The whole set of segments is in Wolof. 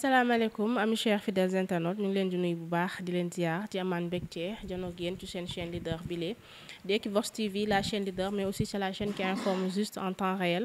asalaamaaleykum ami cher fidèles internautes ñu ngi leen di nuyu bu baax di leen ziar ci amaan mbégte janoog yéen ci seen chaîne leader bi lee di Equivox TV la chaîne leader mais aussi c'est la chaîne qui informe juste en temps réel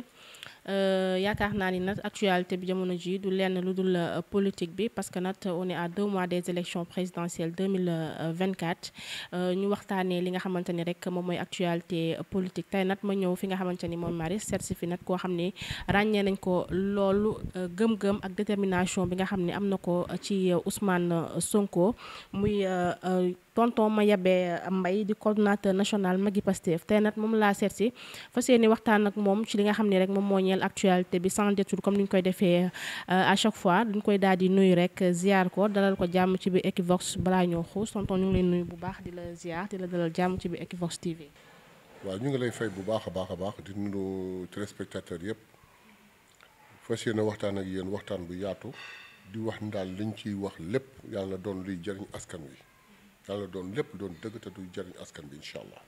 Euh, yaakaar naa ni nag actualité bi jamono ji du lenn lu dul euh, politique bi parce que nag on est à deux mois des élections présidentielles 2024 euh, ñu waxtaanee li nga xamante ni rek moom mooy actualité politique tey nat ma ñëw fi nga xamante ni moom Maris seet si fi nag koo xam ne ràññee nañ ko loolu gëm-gëm ak détermination bi nga xam ne am na ko ci Ousmane Sonko muy tonton Mayabé mbay di coordonnateur national Maggi Pastef tey nag moom laa seet si fas yéene waxtaan ak moom ci li nga xam ne rek moom moo ñeel actualité bi sans détour comme ni koy defee euh, à chaque fois duñ koy daal di nuyu rek ziar ko dalal ko jàmm ci bi Equivox balaa ñoo xuus tonton ñu ngi leen nuyu bu baax di la ziar di la dalal jàmm ci bi Equivox TV. waaw ñu ngi lay fay bu baax a baax a baax di nuyu téléspectateurs yëpp fas yéene waxtaan ak yéen waxtaan bu yaatu di wax ni daal liñ ciy wax lépp yàlla na doon luy jëriñ askan wi. yàlla doon lépp doon dëgg te du jëriñ askan bi incha allah.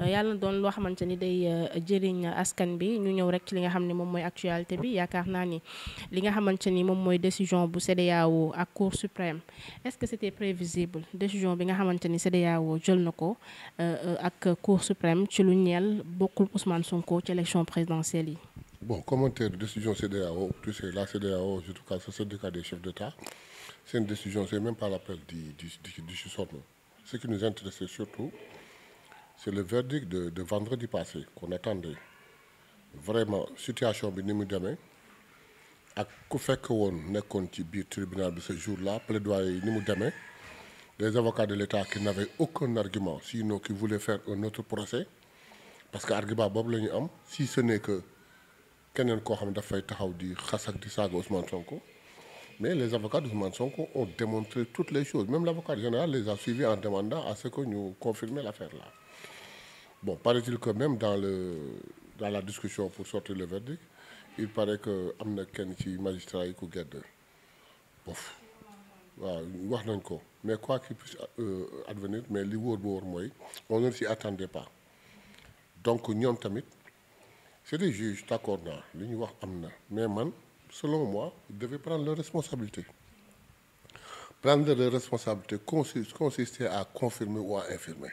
Euh, yàlla doon loo xamante ni day euh, jëriñ askan bi ñu ñëw rek ci li nga xam ne moom mooy actualité bi yaakaar naa ni li nga xamante ni moom mooy décision bu CEDEAO ak cour suprême est-ce que c'était prévisible décision bi nga xamante ni CEDEAO jël na ko euh, ak cour suprême ci lu ñeel bokkul Ousmane Sonko ci élection présidentielle yi. bon commentaire décision CEDEAO tu sais la CEDEAO C'est une décision, c'est même pas l'appel du, du, du, du Ce qui nous intéressait surtout, c'est le verdict de, de vendredi passé qu'on attendait. Vraiment, situation bi ni mu demee ak ku fekk woon nekkoon ci biir tribunal bi ce jour-là plaidoyer yi ni mu demee les avocats de l'État qui n'avaient aucun argument sinon qui voulaient faire un autre procès parce que argument boobu la ñu am si ce keneen koo xam ne dafay taxaw di xas ak di saaga Ousmane Sonko. Mais les avocats d'Ousmane Sonko ont démontré toutes les choses. Même l'avocat général les a suivis en demandant à ce que nous confirmions l'affaire-là. Bon, paraît-il que même dans, le, dans la discussion pour sortir le verdict, il paraît que am na kenn ci magistrat yi ku gedd bof waaw wax nañ ko mais quoi qu'il puisse euh, advenir mais li wóor bu wóor mooy on ne s'y attendait pas donc ñoom tamit c'est des juges d'accord naa li ñu wax am mais man selon moi, devaient prendre leurs responsabilités. Prendre leurs responsabilités consistait à confirmer ou à infirmer.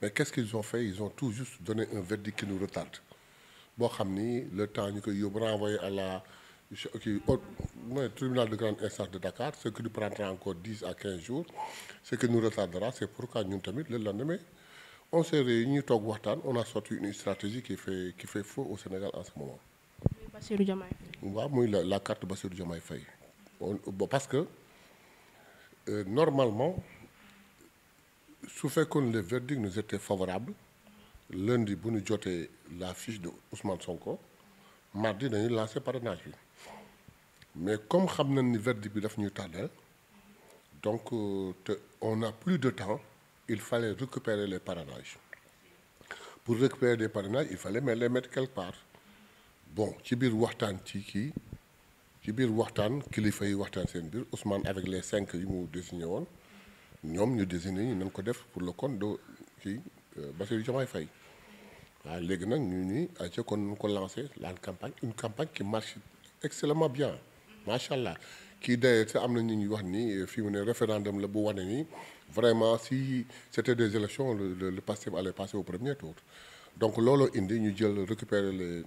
Mais qu'est-ce qu'ils ont fait? Ils ont tout juste donné un verdict qui nous retarde. boo xam ni le temps ñu koy yóbbu renvoyé à la kii mooy tribunal de grande instance de Dakar ce qui nous prendra encore à quinze jours ce qui nous retardera c'est pourquoi ñun tamit le lendemain on s'est réunis ñu toog waxtaan on a sorti une stratégie qui qui fait faux au Sénégal en ce moment Bassirou Diomaye waaw muy la la carte Bassirou Diomaye fay parce que euh, normalement su fekkoon le verdict nous était favorable lundi bu nu jotee la fiche de Ousmane Sonko mardi dañuy lancé parrainage bi mais comme xam nañ ni verdict bi daf ñuy tardel donc euh, te on n'a plus de temps il fallait récupérer les parrainages pour récupérer les parrainages il fallait mais les mettre quelque part bon ci biir waxtaan ci kii ci biir waxtaan kilifa yi waxtaan seen biir Ousmane avec les cinq yu mu désigné woon ñoom ñu désigné ñu nañ ko def pour le compte de kii euh, Bassirou Diomaye fay waaw léegi nag ñu ñuy ayca kon ñu ko lancé la campagne une campagne qui marche excellemment bien macha allah kii d'ailleurs te am na ñu ñuy wax ni euh, fii mu ne référendum la bu wane ni vraiment si c'était des élections le le Pastef allait passer au premier tour donc looloo indi ñu jël récupérer les.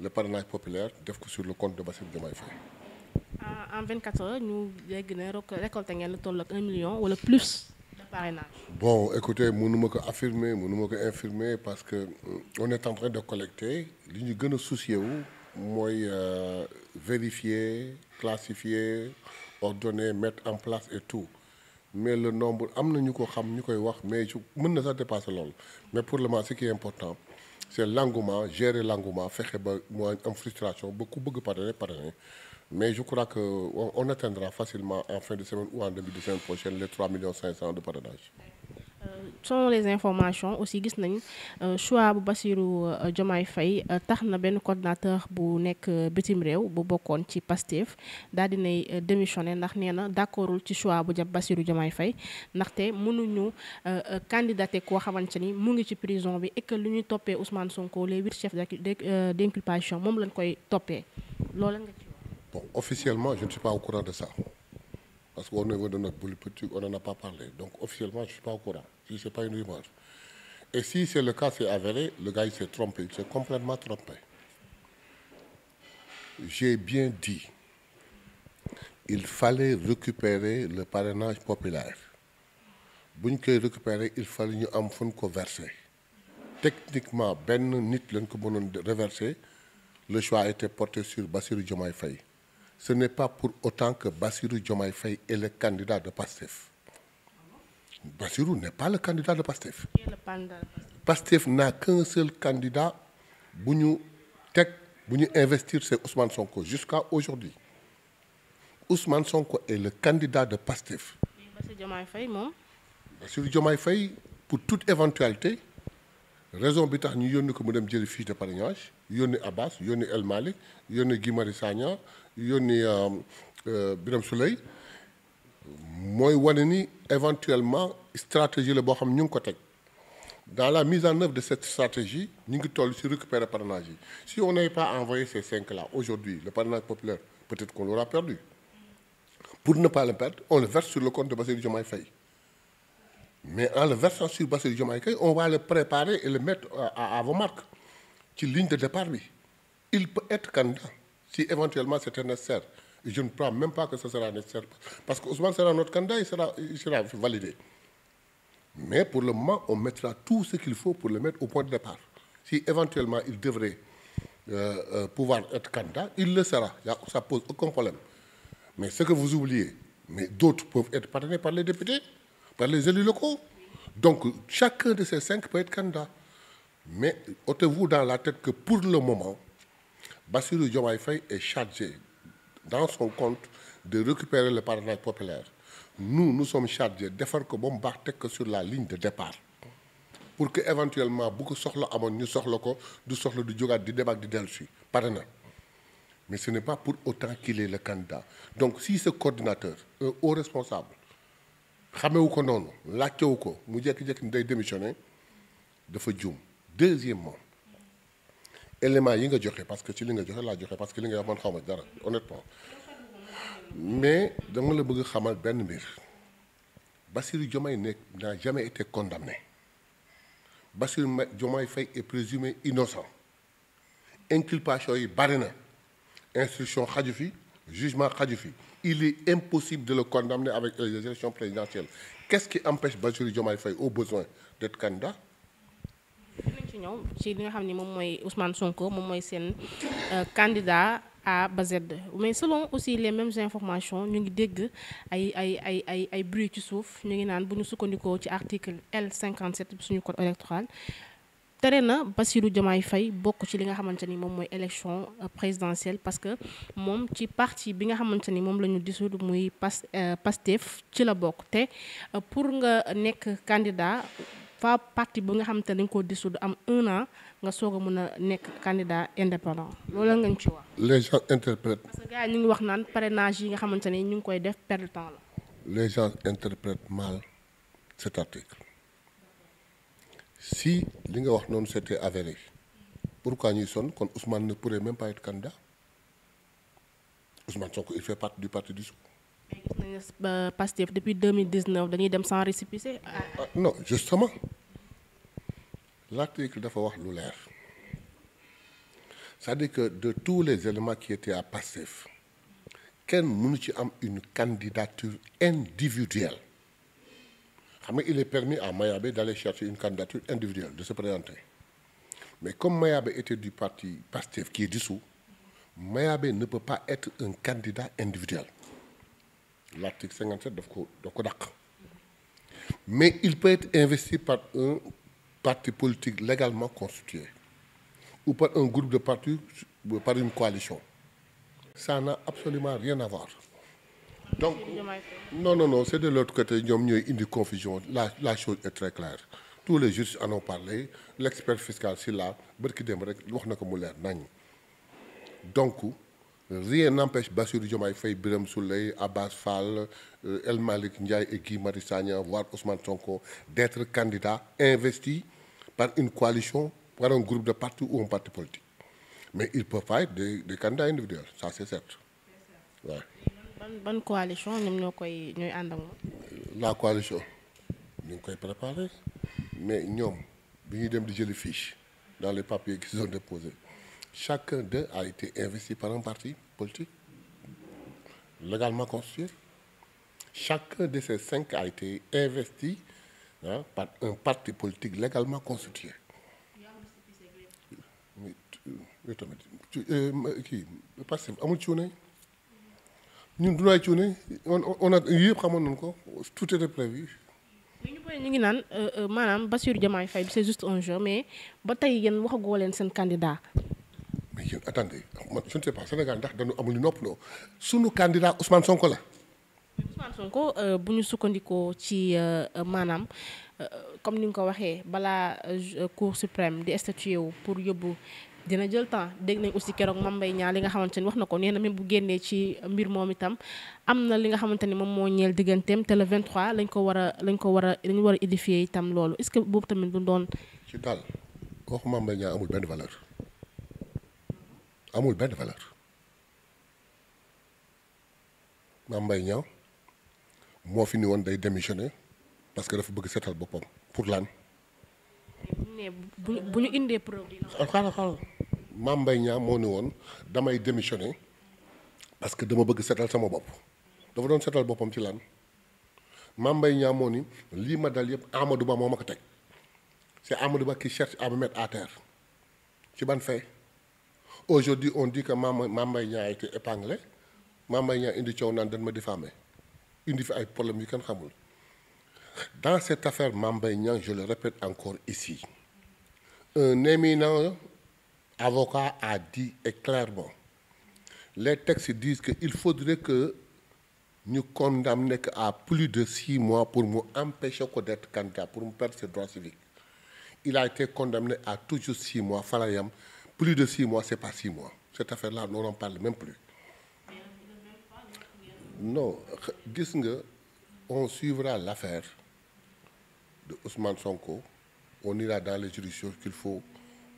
le parrainage populaire def ko sur le compte de Bassirou Diomaye Faye. en 24 heures ñu ne récolté ngeen lu toll ak 1 million wala plus de parrainage. bon écoutez mënuma ko affirmer mënuma ko infirmer parce que euh, on est en train de collecter li ñu gën a soucié wu mooy euh, vérifier classifier ordonner mettre en place et tout mais le nombre am na ñu ko xam ñu koy wax mais mën na sa dépasser lool mais pour le moment ce qui important. c'est l'engouement gérer l'engouement fexe ba mu am frustration ba ku bëgg parrainer parrainer mais je crois que on atteindra facilement en fin de semaine ou en début de semaine prochaine les 3 millions 500 de parrainage Euh, son les informations aussi gis nañ euh, choix bu Bassirou euh, Diomaye fay tax na benn coordinateur bu nekk bitim réew bu bokkoon ci Pastef daal dinay démissionné ndax nee na d'accordul ci choix bu jàpp Bassirou Diomaye Faye ndaxte mënuñu candidaté koo xamante ni mu ngi ci prison bi et lu ñuy toppee Ousmane Sonko les huit chefs d'inculpation moom lañ koy toppee loolu nga ci wax bon officiellement de ça Parce qu'au niveau de notre politique, on n'en a pas parlé. Donc officiellement, je ne suis pas au courant. Si ce n'est pas une rumeur. Et si c'est le cas, c'est avéré, le gars il s'est trompé, il s'est complètement trompé. J'ai bien dit, il fallait récupérer le parrainage populaire. bu ñu koy récupérer il fallait ñu am fu ñu ko verser techniquement benn nit lañ ko mënoon reverser le choix était porté sur Bassirou Diomaye Faye ce n'est pas pour autant que Bassirou Diomaye Faye est le candidat de PASTEF. Bassirou n'est pas le candidat de PASTEF. PASTEF n'a qu'un seul candidat bu ñu teg bu ñu investir c'est Ousmane Sonko jusqu'à aujourd'hui Ousmane Sonko est le candidat de PASTEF. Bassirou jommay Faye pour toute éventualité. raison bi tax ñu yónni ko mu dem jëli fiche de parrainage yónni Abbas yónni El Malick yónni Guy Marius Sagna yónni euh, euh, biram Souleye mooy wane ni éventuellement stratégie la boo xam ñu ngi ko teg dans la mise en œuvre de cette stratégie ñu ngi toll ci récupérer parrainage yi si on n'avait pas envoyé ces cinq la aujourd'hui le parrainage populaire peut-être qu'on l'aura perdu pour ne pas le perdre on le verse sur le compte de Bassirou Diomaye Faye mais en le versant sur Bassirou Diomaye Faye on va le préparer et le mettre à, à, à vos ci ligne de départ bi il peut être candidat si éventuellement c'était nécessaire et je ne crois même pas que ce sera nécessaire parce que Ousmane sera notre candidat il sera validé mais pour le moment on mettra tout ce qu'il faut pour le mettre au point de départ si éventuellement il devrait euh, euh, pouvoir être candidat il le sera y a, ça pose aucun problème mais ce par les députés par les élus ko Donc, chaque chacun de ces cinq peut être candidat. Mais ôtez-vous dans la tête que pour le moment, Bassirou Diomaye Faye est chargé dans son compte de récupérer le parrainage populaire. Nous, nous sommes chargés ba mu baax teg ko sur la ligne de départ. Pour que éventuellement, bu ko soxla amoon ñu soxla ko du soxla du jogaat di débat di dellusi parrainage. Mais ce n'est pas pour autant qu'il est le candidat. Donc si ce coordinateur, un haut responsable xamewu ko noonu laajtewu ko mu jékki-jékki ni day démissionné dafa jum juum deuxièmement élément yi nga joxe parce que ci li nga joxe laa joxe parce que li nga wax man xaw ma dara honnêtement mais dama la bëgg xamal benn mbir Bassirou Diomaye nekk n'a jamais été condamné Bassirou Diomaye Faye est présumé innocent inculpation yi bari na instruction xaju fi jugement xaju fi il est impossible de le condamner avec les élections présidentielles qu'est-ce qui empêche Bassirou Diomaye Faye au besoin d'être candidat ci li nga xam ne moom mooy Ousmane Sonko moom mooy seen euh, candidat A ba Z mais selon aussi les mêmes informations ñu ngi dégg ay ay ay ay ay bruit ci suuf ñu ngi naan bu ñu sukkandikoo ci article L57 bi suñu code électoral tere na Bassirou Diomaye fay bokk ci li nga xamante ni moom mooy élection euh, présidentielle parce que moom ci parti bi nga xamante ni moom la ñu dissoudre muy pas euh, Pastef ci la bokk te euh, pour nga nekk candidat fa parti bi nga xamante ni dañ koo dissoudre am un an nga sooga a a nekk candidat indépendant loolu nga ñu ci wax. les gens interprètent. parce que gars ñu ngi wax naan parrainage yi nga xamante ni ñu ngi koy def per de temps la. les gens interprètent mal cet si li nga wax noonu c'était avéré pourquoi ñuy sonn kon Ousmane ne pourrait même pas être candidat Ousmane Sonko il fait partie du parti dissous. mais gis nañu Pastef depuis 2019 dañuy dem sans récépissé. ah non justement l'article dafa wax lu leer c'est-à-dire que de tous les éléments qui étaient à Pastef kenn mënu ci am une candidature individuelle. xam nga il est permis à Mayabé d'aller chercher une candidature individuelle de se présenter mais comme Mayabé était du parti PASTEF qui est dissous Mayabé ne peut pas être un candidat individuel l'article 57 daf ko daf ko dàq mais il peut être investir par un parti politique légalement constitué ou par un groupe de parti par une coalition ça n'a absolument rien à donc non non non c'est de l'autre côté ñoom ñooy indi confusion la la chose est très claire tous les juristes en ont parlé l'expert fiscal si la bërki dem rek wax na ko mu leer nañ donc rien n'empêche Bassirou Diomaye Faye biram Souleye Abbas Fall euh, El Malick Ndiaye et Guy Marius Sagna voire Ousmane Sonko d'être candidat investi par une coalition par un groupe de partis ou un parti politique mais ils peuvent pas être des, des candidats individuels ça c'est certes ouais. ban ban coalition ñoom ñoo koy ñooy ànd ak la coalition ñu ngi koy préparer mais ñoom bi ñuy dem di jëli fiche dans les papiers qu'ils ont déposés chacun d'eux a été investi par un parti politique légalement constitué chacun de ces cinq a été investi hein, par un parti politique légalement constitué. mais tamit euh, euh, kii parce que amul ci ñu du cuune on a yëpp xamoon nañu ko tout était prévu. mais ñu ngi naan euh, euh, maanaam Bassirou Diomaye Faye c'est juste un jeu mais ba tey yéen waxagoo leen seen candidat. mais yéen attendez man je ne sais pas Sénégal ndax dañu amul lu noppaloo sunu candidat Ousmane Sonko la. Ousmane euh, bu ñu sukkandikoo ci maanaam comme ni nga ko waxee balaa Cour suprême di statuer wu pour yóbbu. dina jël temps dégg nañ aussi keroog Mame Mbaye li nga xamante ni wax na ko nee na même bu génnee ci mbir moom itam am na li nga xamante ni moom moo ñeel digganteem te le 23 lañ ko war a lañ ko war a lañ war a édifier itam loolu est-ce que boobu tamit du doon. ci daal waxu Mame Mbaye Niang amul benn valeur amul benn valeur Mame Mbaye Niang moo fi ni woon day démissionner parce que dafa bëgg seetal boppam pour lan. bu bu ñu indee produit la. xaaral xaaral Mame Mbaye Niang moo ne woon damay démissionné parce que dama bëgg setal sama bopp dafa doon setal boppam ci lan Mame Mbaye Niang moo ni lii ma dal yëpp Amadou Ba moo ma ko teg c'est Amadou Ba qui cherche à me mettre à terre ci ban fay aujourd'hui on dit que Mame Mame Mbaye Niang a été épinglé Mame Mbaye Niang indi coow naan dañ ma diffamé indi fi ay problème yu kenn xamul. Dans cette affaire Mambaïnian, je le répète encore ici, un éminent avocat a dit et clairement, les textes disent qu'il faudrait que nous condamnions à plus de six mois pour nous empêcher d'être candidat, pour nous perdre ses droits civiques. Il a été condamné à toujours six mois, Falayam. Plus de six mois, ce par pas six mois. Cette affaire-là, on n'en parle même plus. Non, on suivra l'affaire. de Ousmane Sonko, on ira dans les juridictions qu'il faut,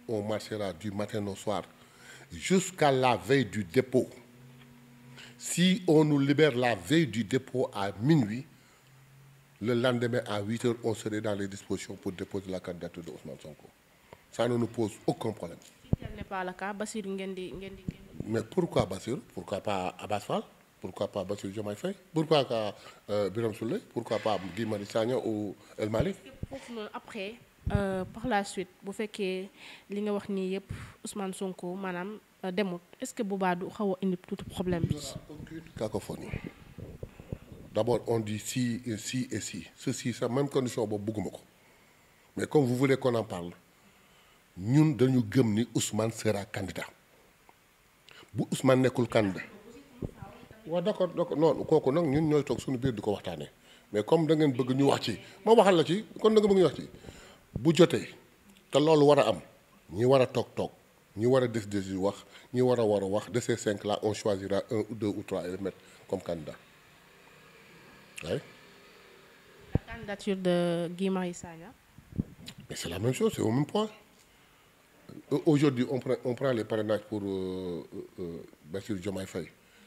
on marchera du matin au soir jusqu'à la veille du dépôt. Si on nous libère la veille du dépôt à minuit, le lendemain à 8 heures, on serait dans les dispositions pour déposer la candidature de Ousmane Sonko. Ça nous pose aucun problème. pourquoi pas Bassirou Diomaye Faye pourquoi pas euh, Birame Souleye pourquoi pas Guy Marius Sagna ou El Malick foofu noonu après euh, par la suite bu fekkee li nga wax nii yëpp Ousmane Sonko maanaam euh, demut est-ce que boobaa du xaw a indi tout problème bi. aucune cacophonie d'abord on dit si si si sa même condition boobu bëgguma ko mais comme vous voulez qu'on parle ñun dañu gëm ni Ousmane sera candidat bu Ousmane nekkul candidat waaw d' accord d' kooku nag ñun ñooy toog suñu biir di ko waxtaanee mais comme da ngeen bëgg ñu wax ci ma waxal la ci kon da nga bëgg ñu wax ci bu jotee te loolu war a am ñi war a toog toog ñi war a décider yu wax ñi war a war a wax de cinq la on choisira un ou deux ou trois et comme candidat oui. la candidature de Guy Marius mais c' est la même chose c' est au même point. Euh, aujourd'hui on prend on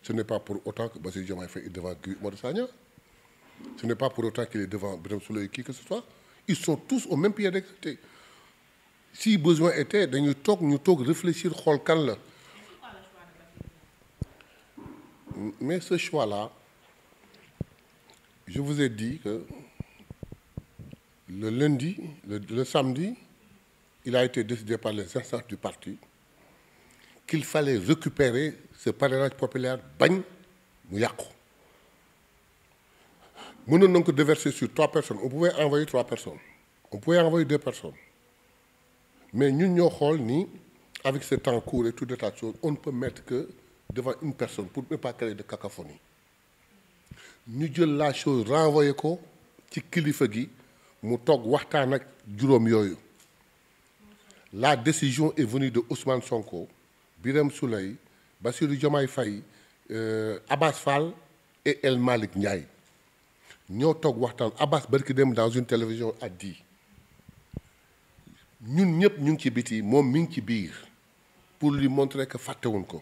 Ce n'est pas pour autant que Bassirou Diomaye Faye est devant Guy Sagna. Ce n'est pas pour autant qu'il est devant Brahim Souley et que ce soit. Ils sont tous au même pied d'égalité. Si besoin était, dañuy toog ñu toog réfléchir xool kan la. Mais ce choix-là, je vous ai dit que le lundi, le, le samedi, il a été décidé par les instances du parti qu'il fallait récupérer ce parrainage populaire bañ mu yàqu mënoon na ko déverser sur trois personnes on pouvait envoyer trois personnes on pouvait envoyer deux personnes mais ñu ñoo xool ni avec ce temps court et tout état de chose on peut mettre que devant une personne pour ne pas créer de cacophonie ñu jël la chose renvoyer ko ci kilifa gi mu toog waxtaan ak juróom yooyu la décision est venue de Ousmane Sonko Birame Souleye ba Bassirou Diomaye fay euh, Abbas Fall et El Malick Ndiaye ñoo toog waxtaan Abbas barki dem dans une télévision at dit ñun ñëpp ñu ngi ci biti moom mi ngi ci biir pour lui montrer que fàttewuñ ko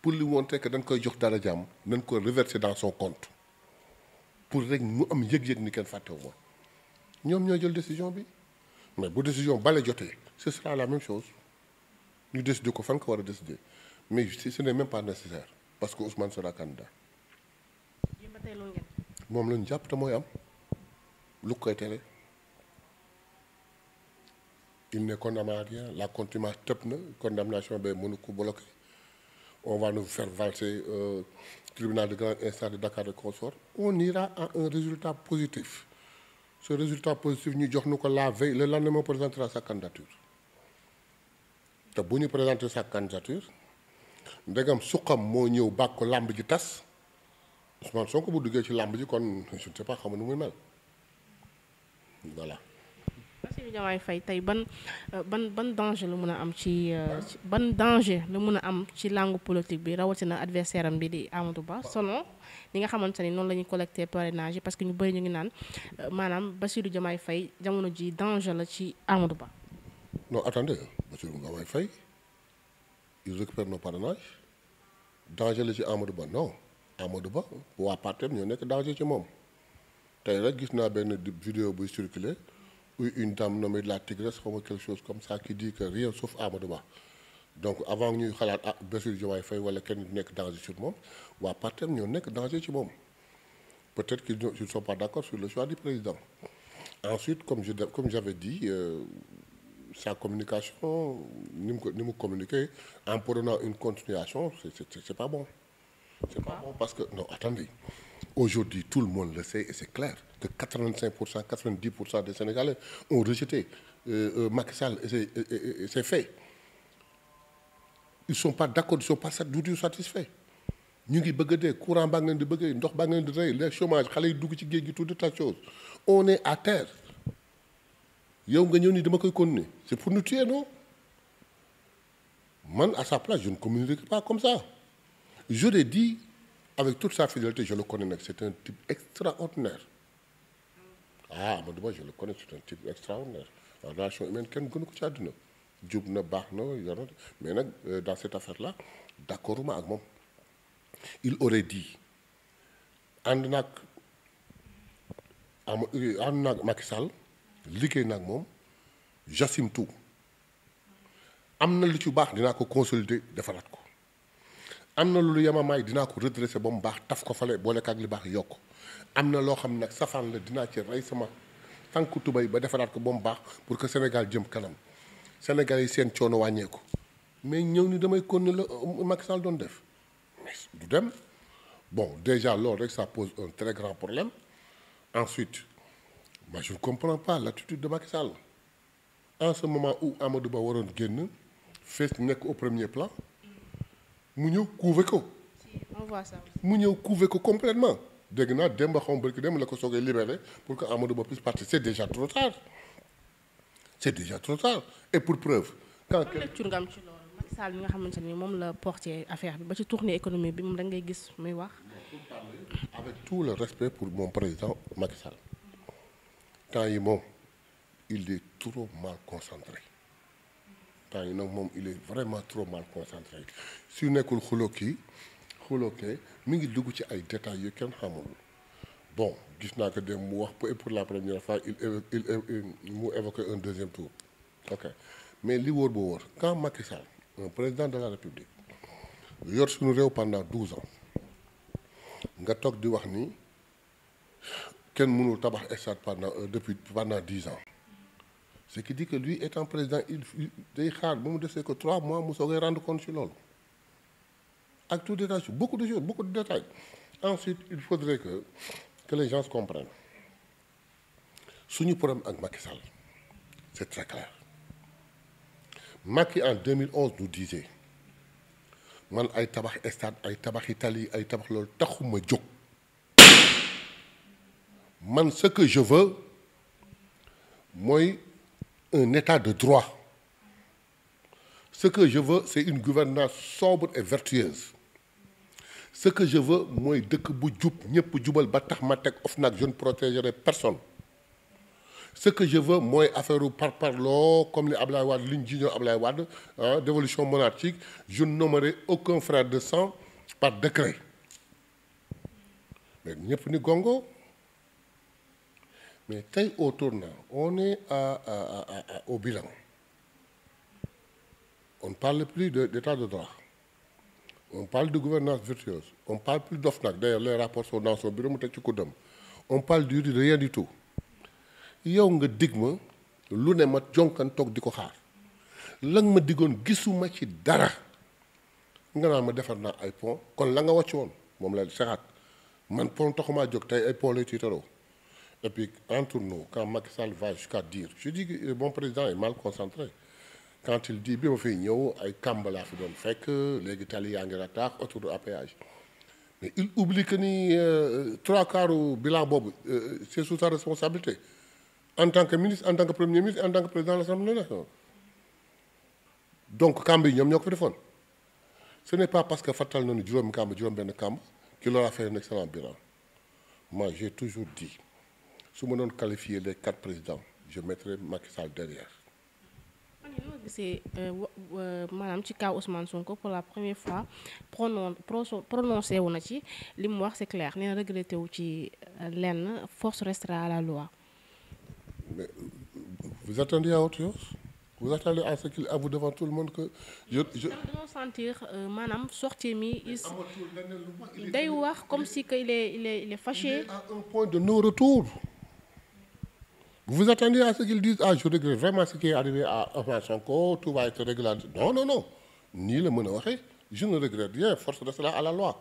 pour lui montrer que dañ koy jox dara jàmm nañ ko reverser dans son compte pour rek mu am yëg-yëg ni kenn fàttewu ma ñoom ñoo jël décision bi mais bu décision bale jotee ce sera la même chose ñu décider ko fa fan ko war a décider mais ce n'est même pas parce que Ousmane sera candidat moom lañu jàpp te mooy am lu koy tere il n'est condamné à rien la contumace tëb na condamnation ba mënu ko bloqué on va nous faire valser euh, tribunal de grande instance de Dakar et consort on ira à un résultat positif ce résultat positif ñu jox nu ko la veille le lendemain présentera sa candidature te bu ñu présenter sa candidature ndegam suqam moo ñëw bàkk ko làmb ji tas Ousmane Sonko bu duggee ci làmb ji kon je ne sais pas xam muy mel voilà. Bassirou Diomaye tey ban euh, ban ban danger la mën a am euh, ci ban danger la mën a am ci langue politique bi rawatina adversaire am bi di Amadou Ba sono li nga xamante ni noonu la ñuy collecté parrainage parce que ñu bëri ñu ngi naan euh, maanaam Bassirou Diomaye fay jamono ji danger la ci Amadou Ba. non attendez Bassirou Diomaye Faye ils récupèrent nos parrainages danger la ci Amadou Ba non Amadou Ba waa Partem ñoo nekk danger ci moom tey rek gis naa benn vidéo buy circuler où une dame nommée la tigresse xaw quelque chose comme ça qui dit que rien sauf Amadou Ba donc avant ñuy xalaat ah Bassirou Diomaye Faye wala kenn nekk danger sur moom waa Partem ñoo nekk danger ci moom peut-être qu'ils ne sont pas d'accord sur le choix du président ensuite comme je comme j'avais dit. Euh, sa communication ni mu ko ni mu communiquer en prenant une continuation c'est c'est pas bon c'est pas bon parce que non attendez aujourd'hui tout le monde le sait et c'est clair que 85 pour cent 90 pour cent des Sénégalais ont rejeté euh, euh, Macky Sall et ses et, et ils sont pas d'accord ils sont pas du tout ñu ngi bëgg a dee courant baa ngi leen di bëgg ndox baa ngi di rey le chômage xale yi dugg ci géej gi tout toute la chose on est à terre yow nga ñëw nii dama koy continuer c'est pour nous tuer non man à sa place je ne pas comme ça je di dit avec toute sa fidélité je le connais nag c'est un type extraordinaire ah Amadou Ba je le c'est un type extraordinaire en kenn gënu ci àdduna jub na baax na yor nag euh, dans cette affaire là d'accord ma ak moom il aurait dit ànd naag am euh, ànd naag Macky Sall liggéey nag moom j'assume tout am na lu ci baax dinaa ko consolider defaraat ko am na lu yemamaay dinaa ko redresser ba mu baax taf ko fale boole ak li baax yokk am na loo xam nag safaan la dinaa ci rey sama tànk tubay ba defaraat ko ba mu baax pour que Sénégal jëm kanam Sénégal yi seen coono wàññeeku mais ñëw ni damay kon la euh, Macky doon def du dem bon déjà loolu rek ça pose un très grand problème ensuite Moi, je ne comprends pas l'attitude de Macky En ce moment où Amadou Ba waroon génn Fess nekk au premier plan mu ñëw couver ko. on mu ñëw couver ko complètement dégg naa Demba xaw ma dem la ko soogay libéré pour que Amadou Ba puisse partir c'est déjà trop tard c'est déjà trop tard et pour preuve. quand lecture nga am ci loolu Macky nga xamante ni moom la porté affaire bi ba ci tournée économique bi moom da ngay gis muy wax. avec tout le respect pour mon président Macky temps yi moom il est trop mal concentré temps yi nag moom il est vraiment trop mal concentré su nekkul xuloo kii xuloo mi ngi dugg ci ay détails yu kenn xamul bon gis naa ko dem mu wax pour la première fois il il mu évoqué un deuxième tour ok mais li wóor bu wóor quand Macky Sall un président de la République yor suñu réew pendant douze ans nga toog di wax ni kenn mënul tabax stade pendant euh, depuis pendant dix ans ce qui dit que lui étant président il day xaar ba mu desee ko trois mois mu soogay rendre compte ci loolu ak tout détail beaucoup de choses beaucoup de détails ensuite il faudrait que que les suñu problème ak Macky Sall c'est très clair Macky en 2011 nous disait man ay tabax stade ay tabaxi tali ay tabax loolu taxuma jóg man ce que je veux mooy un état de droit ce que je veux c'est une gouvernance sobre et vertueuse ce que je veux mooy dëkk bu jub ñëpp jubal ba tax ma teg OFNAC je ne protégerai personne ce que je veux mooy affaire u parparloo comme li Ablaye Wade li ñu jiñoo Ablaye Wade dévolution monarchique je ne nommerai aucun frère de sang par décret mais ñëpp ni gongo mais tey au tournant on est à, à, à, au bilan on ne parle plus d'état de, de droit on parle de gouvernance vertueuse on parle plus d'OFNAC d'ailleurs les rapports sont dans son bureau mu teg ci kuddam on parle du rien du tout yow nga digg ma lu ne ma jonkan toog di ko xaar lan ma diggoon gisuma ci dara nga naan ma defar naa ay pont kon la nga wàcc woon moom la saxaat man pont taxumaa jóg tey ay pont lay tiitaroo Et puis, entre nous, quand Macky Sall va jusqu'à dire, je dis bon président est mal concentré. Quand il dit, bien, on fait une ay kamba la fi doon fekk léegi tali yaa ngi rataax autour de péage mais il oublie que ni euh, trois quarts bilan boobu euh, c'est sous sa responsabilité en tant que ministre en tant que premier ministre en tant que président de l'Assemblée nationale donc kamba yi ñoom ñoo ko fi defoon ce n'est pas parce que fàttal nañu juróomi kamba juróom benn kamba qu'il aura fait un excellent bilan moi j'ai toujours dit su ma doon qualifier les quatre présidents je mettrai Macky Sall derrière. gisee euh, maanaam ci kaw Ousmane Sonko pour la première fois pronon prononcé wu na ci li mu wax c'est clair nee na wu ci euh, lenn force restera à la loi. vous attendez à autre vous attendez à ce qu'il avoue devant tout le monde que. je euh, maanaam sortie mi day wax comme ci que il est il il est fâché. à un point de non-retour. Vous vous attendez à ce qu'ils disent ah je regrette vraiment ce qui est arrivé à Ousmane Sonko tout va être régularisé non non nii la mën a waxee je ne regrette rien force restera à la loi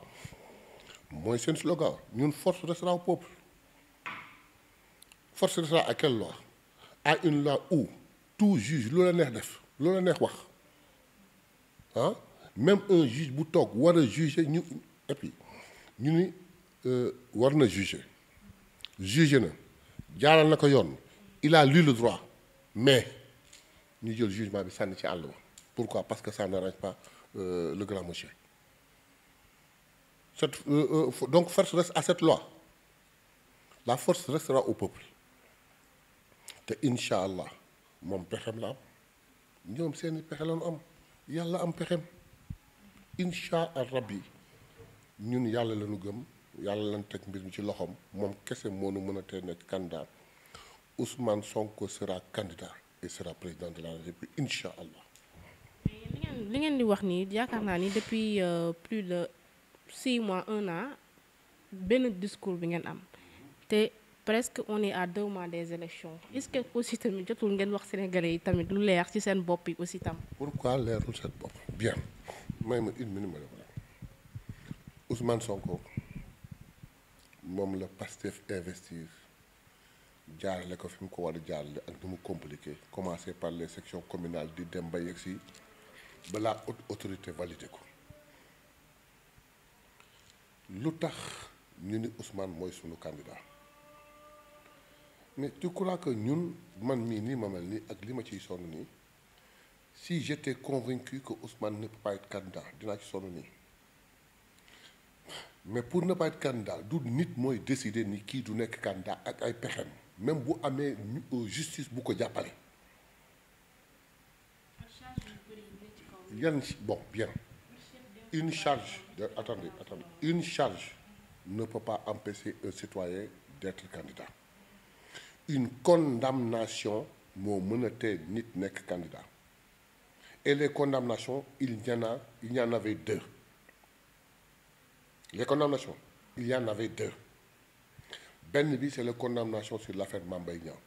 mooy seen slogan ñun force restera au peuple force restera à quelle loi à une loi où tout juge loola neex def la neex wax ah même un juge bu toog war a juger ñu et ñu ni euh, war na juger juger na jaaral na ko yoon. il a lu droit mais ñu jël jugement bi sànni ci àll ba pourquoi parce que ça n'arrange pas euh, le grand monsieur euh, euh, donc force reste à cette loi la force restera au peuple te incha allah moom pexem la am ñoom seeni pexe la am yàlla am pexem incha allah rabbi ñun yàlla lañu gëm yàlla lañu teg mbir mi ci loxoom moom kese moo nu mën a tee nekk candidat Ousmane Sonko sera candidat et sera président de la République incha allah. li ngeen li ngeen di wax nii yaakaar naa ni depuis euh, plus de six mois un an benn discours bi ngeen am te presque on est à deux mois des élections est-ce que aussi tamit jotul ngeen wax sénégalais yi tamit lu leer ci seen bopp yi aussi tam. pourquoi leerul seen bopp. bien may ma une minute ma ne Ousmane Sonko moom la Pastef investir. jaarale ko fi mu ko war a jaarale ak nu mu compliqué commencé par les sections communales di dem ba yegg si balaa haute autorité validé ko lu tax ñu ni Ousmane mooy sunu candidat mais tu ñun man mii nii ma mel nii ak li ma ciy sonn nii si j'étais convaincu que Ousmane ne peut pas être candidat dinaa ci sonn nii mais pour ne pas être candidat du nit mooy décider ni kii du nekk candidat ak ay pexem même bu amee euh, justice bu ko jàppale. yan bon bien une charge de attendez attendez une charge ne peut pas empêcher un citoyen d'être candidat une condamnation moo mën a tee nit nekk candidat et les condamnations il y en a il deux les condamnations il y en avait deux benn bi c'est la condamnation sur l'affaire Mame Mbaye Niang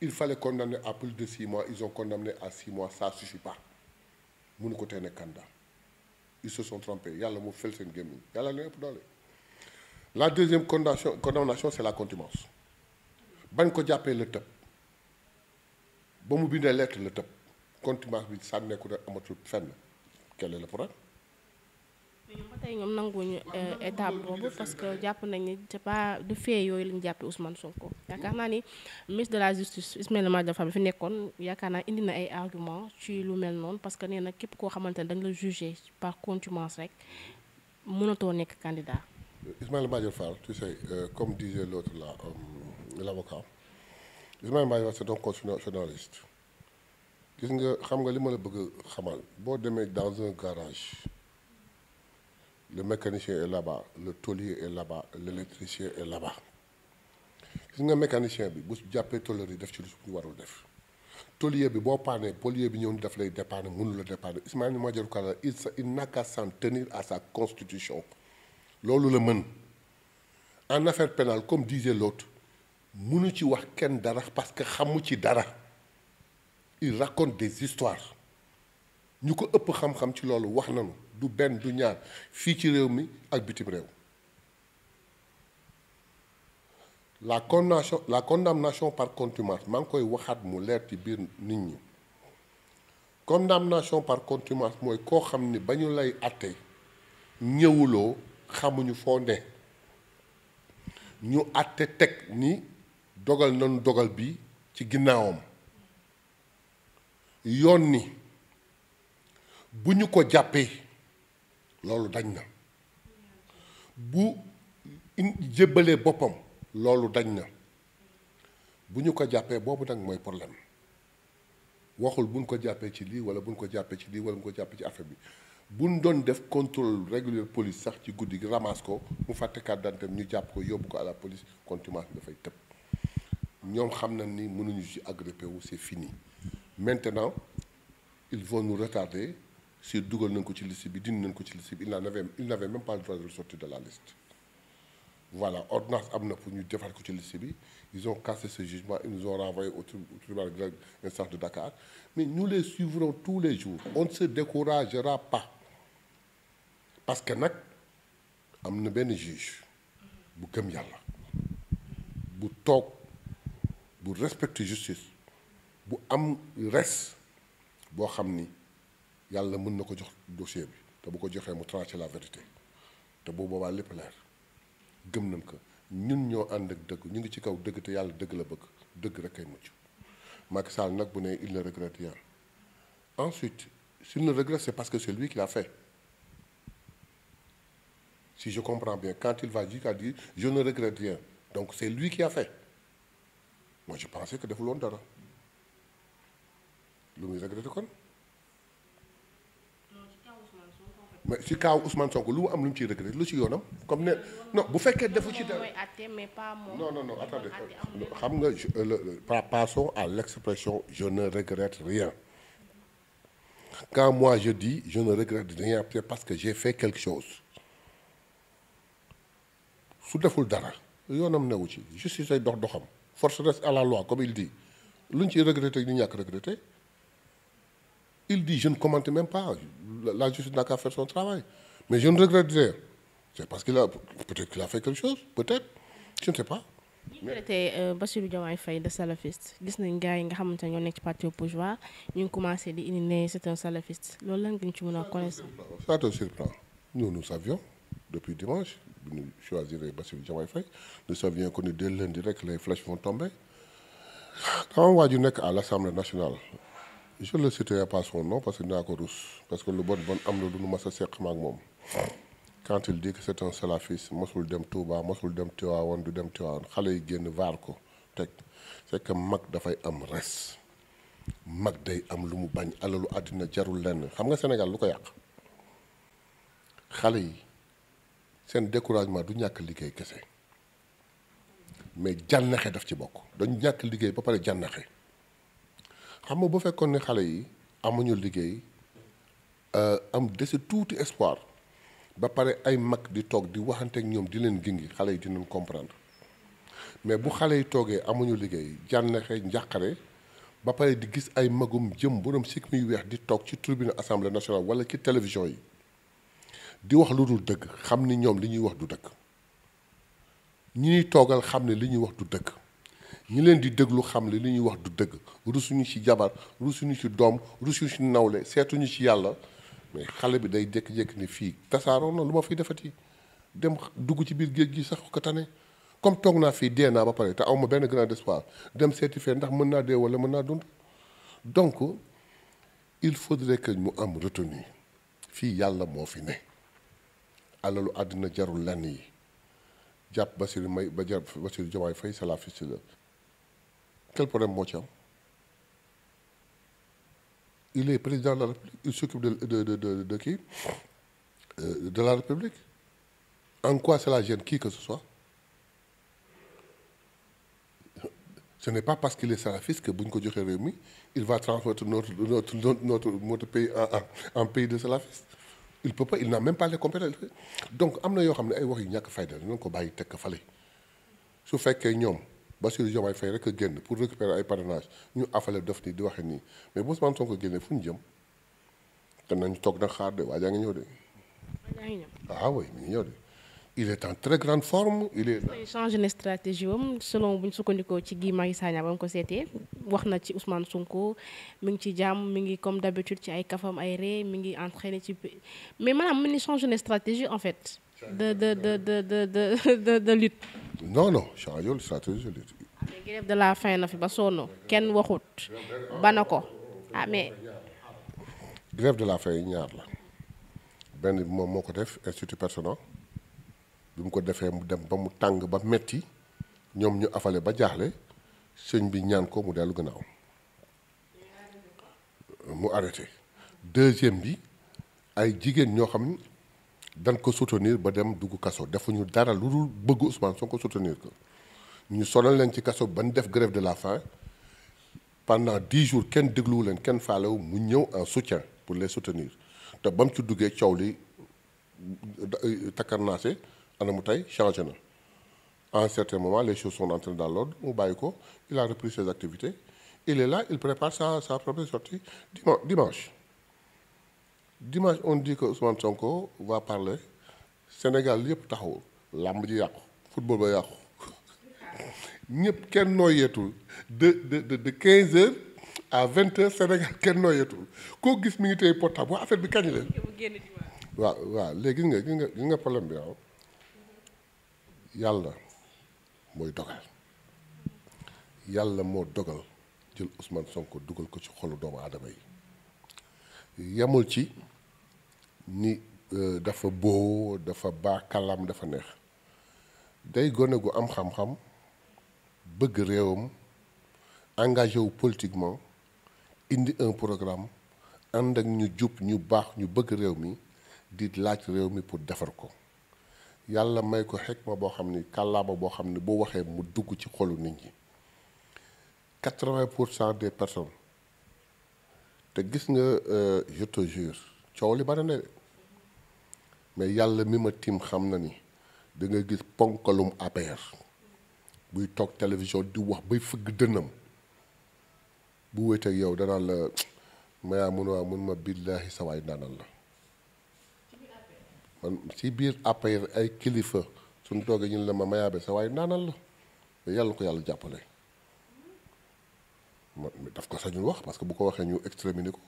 il fallait condamner à plus de six mois ils ont condamné à six mois ça suffit pas mënu ko tee ne candidat ils se sont trompés yàlla moo fel seen gémmiñ yàlla na ëpp doole la deuxième condamnation c'est la contumace bañ ko jàppee la tëb ba mu bindee lettre la tëb contumace bi sànneeku ne amatul fenn quel est le problème ba tey ñoom nanguwuñu eh, étape boobu parce que jàpp nañ ni c'est pas du yooyu lañu jàppe Ousmane Sonko yaakaar naa ni ministre de la justice Ismaïla Madior Fall bi fi nekkoon yaakaar naa indi na ay argument ci lu mel noonu parce que nee na képp koo xamante ne dañ la jugé par contumace rek mënatoo nekk candidat Ismaïla Madior Fall tu sais euh, comme disait l'autre là euh, l'avocat Ismaïla Madior Fall c'est donc constitutionnaliste gis nga xam nga li ma la bëgg xamal boo demee dans un le mécanicien est là le tôlier est là le l'électricien est là-bas nga mécanicien bi bu jàppee tôlerie def ci lu ñu warul def tôlier bi boo paanee polier bi ñëw daf lay dépanner mënu la dépanner Ismaïla Madior Fall il il n'a sant s'en tenir à sa constitution loolu la mën en affaire pénale comme disait l'autre mënu ci wax kenn dara parce que xamu ci dara il raconte des histoires ñu ko ëpp xam-xam ci loolu wax nañu du benn du ñaar fii ci réew mi ak bitim réew la condamnation par contumace maa ngi koy waxaat mu leer ci biir nit ñi condamnation par contumace mooy koo xam ni ba ñu lay àtte ñëwuloo xamuñu foo ne ñu àtte teg ni dogal nañu dogal bi ci ginnaawam yoon ni bu ñu ko jàppee loolu dañ na bu jébbalee boppam loolu dañ na bu ñu ko jàppee boobu nag mooy problème waxul buñ ko jàppee ci lii wala buñ ko jàppee ci lii wala ko jàppee ci affaire bi buñ doon def contrôle régulier police sax ci guddi gi ramasse ko mu fàtte carte d'identité ñu jàpp ko yóbbu ko à la police contumace dafay tëb ñoom xam nañ ni mënuñu ci agrippé wu c'est fini maintenant il vont nous retarder si dugal nañ ko ci liste bi dindi nañ ko ci liste bi il n'avait il n'avait même pas le droit de le sortir de la liste voilà ordonnance am na pour ñu defar ko ci liste bi ils ont cassé ce jugement ils nous ont renvoyé au tribunal grande instance de Dakar mais nous les suivrons tous les jours on ne se découragera pas parce que nag am na benn juge bu gëm yàlla bu toog bu respecte justice bu am res boo xam ni yàlla mën na ko jox dossier bi te bu ko joxee mu tranché la vérité te bu boobaa lépp leer gëm nañ ko ñun ñoo ànd ak dëgg ñu ngi ci kaw dëgg te yàlla dëgg la bëgg dëgg rek kay mucc Macky Sall nag bu ne il ne regrette rien ensuite s'il na regrette c'est parce que c'est lui qui l'a fait si je comprends bien quand il va jusqu'à dire je ne regrette rien donc c'est lui qui a fait moi je pensais que defuloon dara lu muy regretter kon mais si kaaw Ousmane Sonko lu mu am lu mu ciy regret lu ci yoonam comme ne non bu fekkee defu ci dara non non non attendez euh, xam nga euh, pa passons à l'expression je ne regrette rien quand mois je di je ne regrette rien c'est parce que j'ai fait quelque chose su deful dara yoonam newu ci justice ay dox doxam force reste à la loi comme il dit luñ ciy regretter ñu ñàkk regretter Il dit, je ne commente même pas. La justice n'a qu'à faire son travail. Mais je ne regrette rien. C'est parce qu'il a peut-être qu'il quelque chose, peut-être. Je ne sais pas. ñu traité euh, Bassirou de salafiste gis nañ gars yi nga xamante ne ñoo nekk ci parti au pouvoir ñu ngi commencé di indi ne c'est un salafiste loolu lan nga ci mën a connaître. ça te surprend nous nous savions depuis dimanche bi ñu choisir Bassirou Diomaye Faye nous savions que ni dès lundi rek les flèches vont tomber dama je le citerai pas son nom parce que dinaa ko rus parce que lu bon bon am na lu nu mas a seq ma ak moom quand il dit que c'est un salafiste mosul dem Touba mosul dem Tiwaawoon du dem Tiwaawoon xale yi génn vaar ko teg c'est que mag dafay am res mag day am lu mu bañ alalu àddina jarul lenn xam nga senegal lu ko yàq xale yi seen découragement du ñàkk liggéey kese mais jànnaxe daf ci bokk dañu ñàkk liggéey ba pare jànnaxe xam nga bu fekkoon ne xale yi amuñu liggéey euh, am dese tuuti espoir ba pare ay mag di toog di waxanteek ñoom di leen gingi xale yi dinañ comprendre mais bu xale yi toogee amuñu liggéey jànnexe njàqare ba pare di gis ay magum jëm borom sikk muy weex di toog ci tribune assemblée nationale wala ci télévision yi di wax lu dul dëgg xam ni ñoom li ñuy wax du dëgg ñi ñuy toogal xam ne li ñuy wax du dëgg ñu leen di déglu xam li li ñuy wax du dëgg rusuñu ci jabar rusuñu ci doom rusuñu ci nawle seetuñu ci yàlla mais xale bi day jékki-jékki ni fii tasaaroo na lu ma fiy defati dem dugg ci biir géej gi sax ko comme toog naa fii dee naa ba pare te aw ma benn grand espoir dem seeti fee ndax mën naa dee wala mën naa dund donc il faudrait que mu am retenu fii yàlla moo fi ne alalu àddina jarul lenn yi jàpp Bassirou may ba jar Bassirou Diomaye Faye salafiste la quel problème moo ci am il est président de la République il s'occupe de euh, de la République en quoi cela gêne qui que ce soit ce n'est pas parce qu'il est salafiste que bu ñu ko joxee réew mi il va transformer notre notre notre notre pays en en pays de salafiste il peut pas il n'a même pas les compétences donc am na yoo xam ne ay wax yu ñàkk fayda nañ ko bàyyi teg ko fale su fekkee ñoom. Bassirou Diomaye Faye rek a génn pour récupérer ay parrainage ñu afale def nii di waxe nii mais bu Ousmane Sonko génnee fu ñu jëm te nañu toog nag xaar de waa jaa ngi ñëw de. ah oui mi ngi ñëw de il est en très grande forme il est. il changé stratégie am selon bu sukkandikoo ci Guy Marius Sagna ba mu ko seetee wax na ci Ousmane Sonko mu ngi ci jàmm mi ngi comme d'habitude ci ay kafam ay ree mi ngi entraîné ci mais maanaam mi ngi changé na stratégie en fait. de de de de de de de lutte. non non changé wul stratégie de lutte. grève de la faim na fi ba sonn kenn waxut ba na ko ah mais. grève de la faim ñaar la benn bi moom moo ko def institut personnel bi mu ko defee mu dem ba mu tàng ba metti ñoom ñu afale ba jaaxle sëñ bi ñaan ko mu dellu gannaaw mu arrêté deuxième bi ay jigéen ñoo xam. dañ ko soutenir ba dem dugg kaso defuñu dara lu dul bëgg Ousmane Sonko soutenir ko ñu solo leen ci kaso ban def grève de la faim pendant dix jours kenn dégluwu leen kenn faalewu mu ñëw en soutien pour les soutenir te ba mu ci duggee coow li takkarnaase mu tey changé na en un certain moment les choses sont entrées dans l'ordre mu bàyyi ko il a repris ses activités il est la il prépare sa sa propre sortie dimanche dimanche on dit que Sonko va parler Sénégal yëpp taxawul làmb ji yàqu football ba yàqu ñëpp kenn nooyeetul de de de de heures à 20 Sénégal kenn nooyeetul koo gis mi ngi tey portable waa affaire bi kañ leen. waa waaw léegi gis nga gis nga gis nga problème bi waaw yàlla mooy dogal yàlla moo dogal jël Ousmane Sonko dugal ko ci xolu doomu aadama yi. yemul ci ni euh, dafa boo dafa baax kàllaam dafa neex day gone gu am xam-xam bëgg réewam engage wu politiquement indi un programme ànd ak ñu jub ñu baax ñu bëgg réew mi di laaj réew mi pour defar ko yàlla may ko xekma boo xam ni kàllaama boo xam ne bu waxee mu dugg ci xolu nit ñi quatre-vingt pour cent de personne te gis nga euh, je te jure coow li bari na de mais yàlla mi ma tim xam na ni da nga gis ponkalum APR buy toog télévision di wax bay fëgg dënnam bu wéeteeg yow danaan la mayaa mun waa mun ma billaahi sawaay ndaanal la man si biir APR ay kilifa suñ toogee ñu la ma mayaa be sawaay ndaanal la yàlla ko yàlla jàppale ma daf ko sañul wax parce que bu ko waxee ñu exterminer ko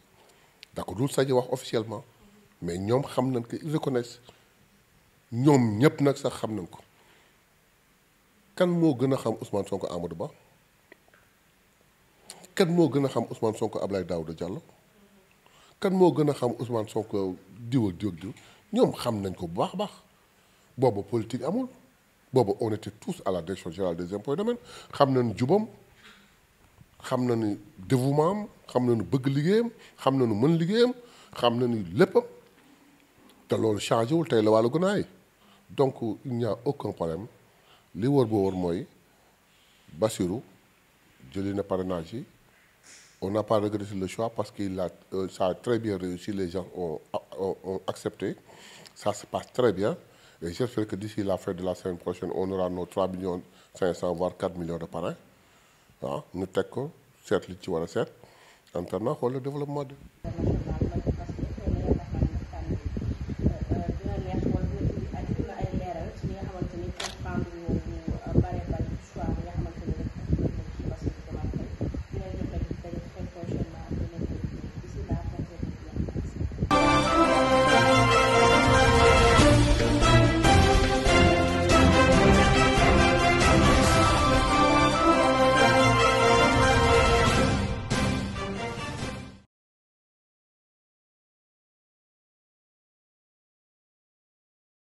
da ko dul sañ wax officiellement mais ñoom xam nañ que ils reconnaissent nag sax xam nañ ko kan moo gën a xam Ousmane Sonko Amadou Ba kan moo gën a xam Ousmane Sonko Ablaye Daouda Diallo kan moo gën a xam Ousmane Sonko diw ak diw ak ñoom xam nañ ko bu baax baax boobu politique amul boobu on était tous à la direction générale des impôts et domaines xam nañ jubam xam na ni dévouement am xam na nu bëgg liggéeyam xam na nu mën liggéeyam xam na ni léppam te loolu changé wul tey la wàllu gënaay donc il n'y a aucun problème li wër boo wër mooy Bassirou jëli na parrainage yi on n'a pas regretté la choix parce qu'il a euh, ça très bien réussi les gens ont ont accepté ça se passe très bien et j'espère que d'ici la fin de la semaine prochaine on aura nos 3 millions 500 voire de parrains waaw ñu teg ko seet li ci war a seet en attendant xool le développement de